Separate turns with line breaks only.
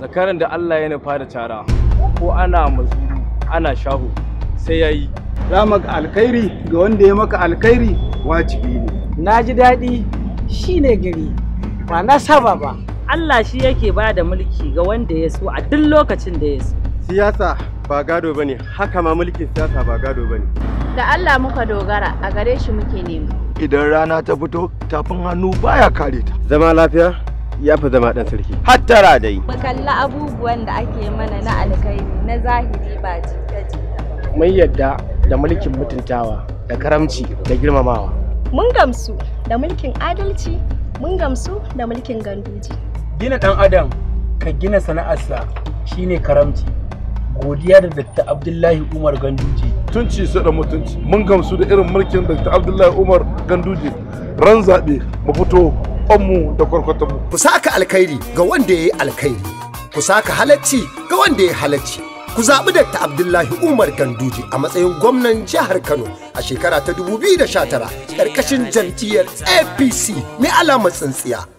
zakaran da Allah ya nufa da cara ko ana mazuru ana shahu, sai ya yi maka alkhairi ga wanda ya maka alkhairi wajibi ne na ji daɗi
shi ne gari
ba na saba ba Allah shi yake ba da mulki ga wanda ya so a duk lokacin da ya so siyasa ba gado bane haka ma mulkin siyasa ba gado bane
da Allah muka dogara a gare shi muke nema
idan rana ta fito tafin hannu baya kare ta zama lafiya ya fi zama ɗan sarki hattara dai
mu kalli abubuwan da ake
mana na alkhairi na zahiri ba jita
mun yadda da mulkin mutuntawa
da karamci da girmamawa
mun gamsu da mulkin adalci mun gamsu da mulkin ganduji
gina ɗan adam ka gina sana'arsa shine karamci godiya da datta abdullahi umar ganduji mutunci su da mutunci mun
gamsu da irin mulkin dr abdullahi umar ganduje ran zaɓe mu fito mu da mu. ku saka alkhairi ga wanda ya yi alkhairi ku saka halacci ga wanda ya halacci ku zaɓi Dr. Abdullahi Umar Ganduje a matsayin gwamnan jihar Kano a shekara ta 2019 ƙarƙashin jam'iyyar APC mai alamar tsintsiya.